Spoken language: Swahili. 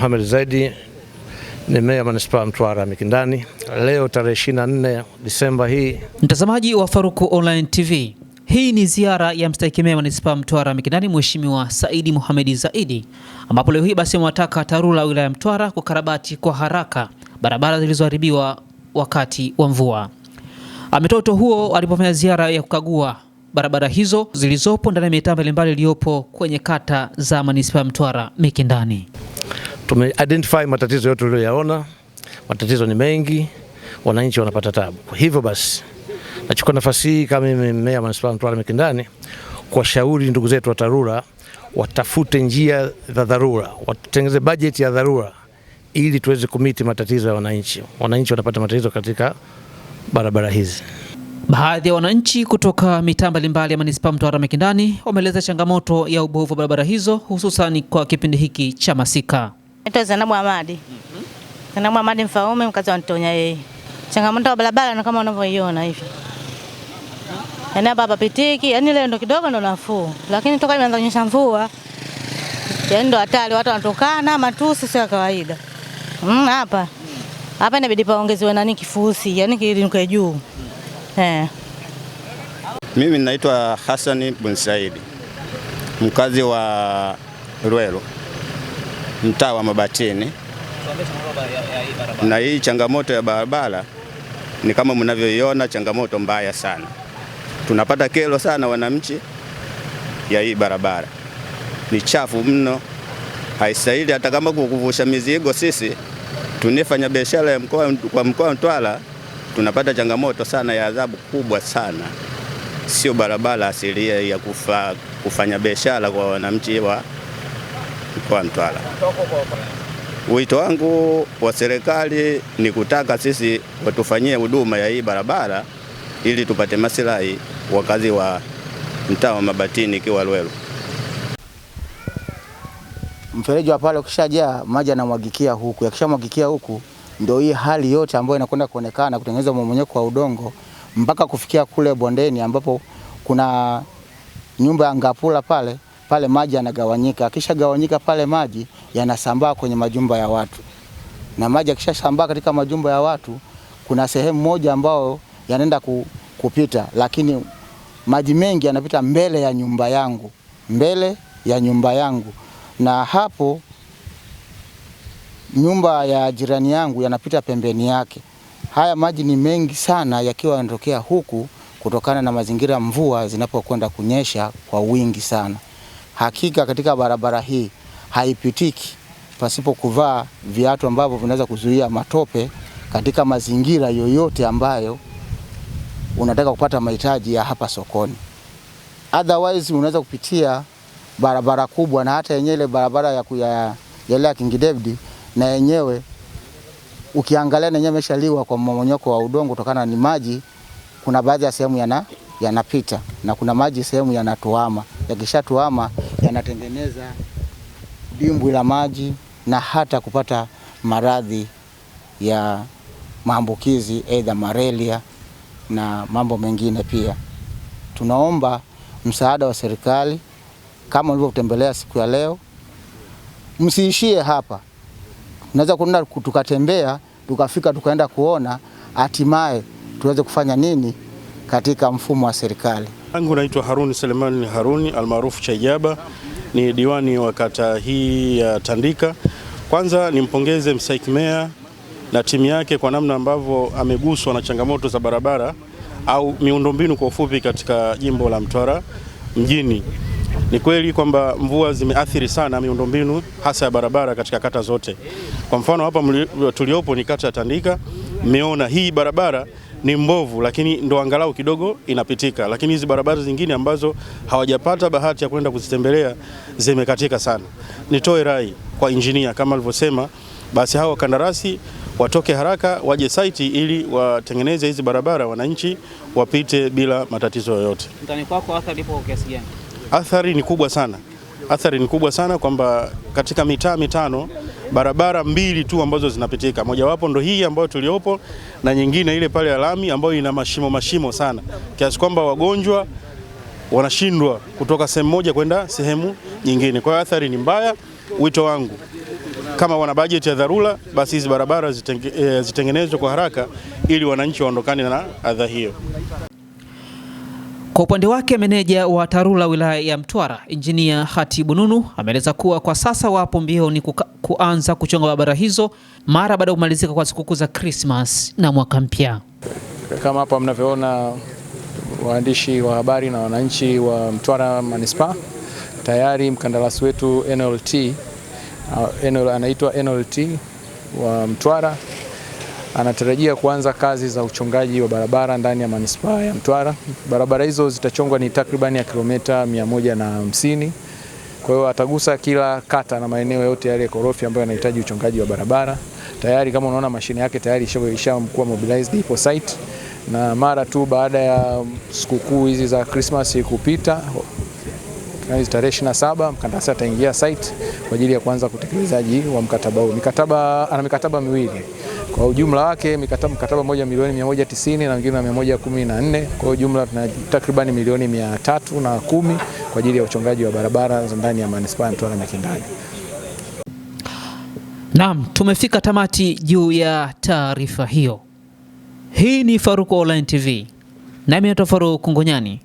Mohamed Zaidi ni meya manispaa ya Mtwara Mikindani. Leo tarehe 24 Disemba hii, mtazamaji wa Faruku Online TV, hii ni ziara ya mstahiki meya manispaa Mtwara Mikindani Mheshimiwa Saidi Mohamed Zaidi, ambapo leo hii basi amewataka TARURA wilaya ya Mtwara kukarabati kwa haraka barabara zilizoharibiwa wakati wa mvua. Ametoa wito huo alipofanya ziara ya kukagua barabara hizo zilizopo ndani ya mitaa mbalimbali iliyopo kwenye kata za manispaa ya Mtwara Mikindani identify matatizo yote uliyoyaona. Matatizo ni mengi, wananchi wanapata tabu. Hivyo basi, nachukua nafasi hii kama mimi meya manispaa Mtwara Mikindani kuwashauri ndugu zetu wa TARURA watafute njia za dharura, watengeneze bajeti ya dharura ili tuweze kumiti matatizo ya wananchi. Wananchi wanapata matatizo katika barabara hizi. Baadhi ya wananchi kutoka mitaa mbalimbali ya manispaa Mtwara Mikindani wameeleza changamoto ya ubovu wa barabara hizo hususan kwa kipindi hiki cha masika. Naitwa Zanabu Hamadi. Mhm. Zanabu Hamadi Mfaume, mkazi wa Ntonya yeye. Changamoto ya barabara na kama unavyoiona hivi. Mhm. Yaani hapa hapapitiki, yaani leo ndo kidogo ndo nafuu. Lakini toka imeanza kunyesha mvua, yaani ndo hatari, watu wanatokana matusi sio kawaida. Mm, hapa. Hapa inabidi paongezewe nani kifusi, yaani kilinuke juu. Mhm. Eh. Mimi naitwa Hassan bunsaidi Mkazi wa Rwelo mtaa wa Mabatini. Na hii changamoto ya barabara ni kama mnavyoiona, changamoto mbaya sana. Tunapata kero sana wananchi ya hii barabara, ni chafu mno, haistahili. Hata kama kukuvusha mizigo, sisi tunifanya biashara ya mkoa, kwa mkoa Mtwara tunapata changamoto sana ya adhabu kubwa sana, sio barabara asilia ya kufa, kufanya biashara kwa wananchi wa mkoa Mtwara. Wito wangu wa serikali ni kutaka sisi watufanyie huduma ya hii barabara ili tupate masilahi wakazi wa mtaa wa Mabatini Kiwalwelu. Mfereji wa pale ukishajaa maji yanamwagikia huku, yakishamwagikia huku ndio hii hali yote ambayo inakwenda kuonekana kutengeneza mmomonyoko wa udongo mpaka kufikia kule bondeni ambapo kuna nyumba ya ngapula pale pale maji yanagawanyika, akishagawanyika pale maji yanasambaa kwenye majumba ya watu, na maji akishasambaa katika majumba ya watu, kuna sehemu moja ambayo yanaenda ku, kupita, lakini maji mengi yanapita mbele ya nyumba yangu, mbele ya nyumba yangu, na hapo nyumba ya jirani yangu yanapita pembeni yake. Haya maji ni mengi sana yakiwa yanatokea huku kutokana na mazingira, mvua zinapokwenda kunyesha kwa wingi sana. Hakika katika barabara hii haipitiki pasipo kuvaa viatu ambavyo vinaweza kuzuia matope katika mazingira yoyote ambayo unataka kupata mahitaji ya hapa sokoni. Otherwise unaweza kupitia barabara kubwa, na hata yenyewe ile barabara ya kuyaelea King David na yenyewe ukiangalia na yenyewe imeshaliwa kwa mmomonyoko wa udongo kutokana ni maji. Kuna baadhi ya sehemu yana yanapita na kuna maji sehemu yanatuama, yakishatuama yanatengeneza dimbwi la maji na hata kupata maradhi ya maambukizi aidha malaria na mambo mengine pia. Tunaomba msaada wa serikali kama ulivyotembelea siku ya leo, msiishie hapa. Tunaweza kuenda tukatembea tukafika tukaenda kuona, hatimaye tuweze kufanya nini katika mfumo wa serikali. Yangu naitwa Haruni Selemani Haruni almaarufu Chaijaba, ni diwani wa kata hii ya Tandika. Kwanza nimpongeze msaiki meya na timu yake kwa namna ambavyo ameguswa na changamoto za barabara au miundombinu kwa ufupi katika jimbo la Mtwara mjini. Ni kweli kwamba mvua zimeathiri sana miundombinu hasa ya barabara katika kata zote. Kwa mfano hapa tuliopo ni kata ya Tandika, mmeona hii barabara ni mbovu, lakini ndo angalau kidogo inapitika, lakini hizi barabara zingine ambazo hawajapata bahati ya kwenda kuzitembelea zimekatika sana. Nitoe rai kwa injinia kama alivyosema, basi hao wakandarasi watoke haraka waje saiti ili watengeneze hizi barabara, wananchi wapite bila matatizo yoyote. Mtani kwako athari ipo kiasi gani? Athari ni kubwa sana athari ni kubwa sana kwamba katika mitaa mitano barabara mbili tu ambazo zinapitika, mojawapo ndo hii ambayo tuliopo na nyingine ile pale alami ambayo ina mashimo mashimo sana kiasi kwamba wagonjwa wanashindwa kutoka sehemu moja kwenda sehemu nyingine. Kwa hiyo athari ni mbaya. Wito wangu kama wana bajeti ya dharura, basi hizi barabara zitenge, e, zitengenezwe kwa haraka ili wananchi waondokane na adha hiyo. Kwa upande wake meneja wa TARURA wilaya ya Mtwara Injinia Khatibu Nunu ameeleza kuwa kwa sasa wapo mbioni kuanza kuchonga barabara hizo mara baada ya kumalizika kwa sikukuu za Krismas na mwaka mpya. Kama hapa mnavyoona, waandishi wa habari na wananchi wa Mtwara manispaa, tayari mkandarasi wetu NLT, uh, anaitwa NLT wa Mtwara anatarajia kuanza kazi za uchongaji wa barabara ndani ya manispaa ya Mtwara. Barabara hizo zitachongwa ni takribani ya kilomita 150. Kwa hiyo atagusa kila kata na maeneo yote yale korofi ambayo yanahitaji uchongaji wa barabara. Tayari kama unaona mashine yake tayari ishakuwa mobilized, ipo site, na mara tu baada ya sikukuu hizi za Christmas kupita tarehe saba mkandarasi ataingia site kwa ajili ya kuanza kutekelezaji wa mkataba huu. Mikataba, ana mikataba miwili kwa ujumla wake mikataba, mkataba mmoja milioni 190 na wengine 114. Kwa ujumla tuna takribani milioni 310 kwa ajili ya uchongaji wa barabara za ndani ya manispaa Mtwara Mikindani. Naam, tumefika tamati juu ya taarifa hiyo. Hii ni Faruku Online TV, nami naitwa Faruku Kungonyani.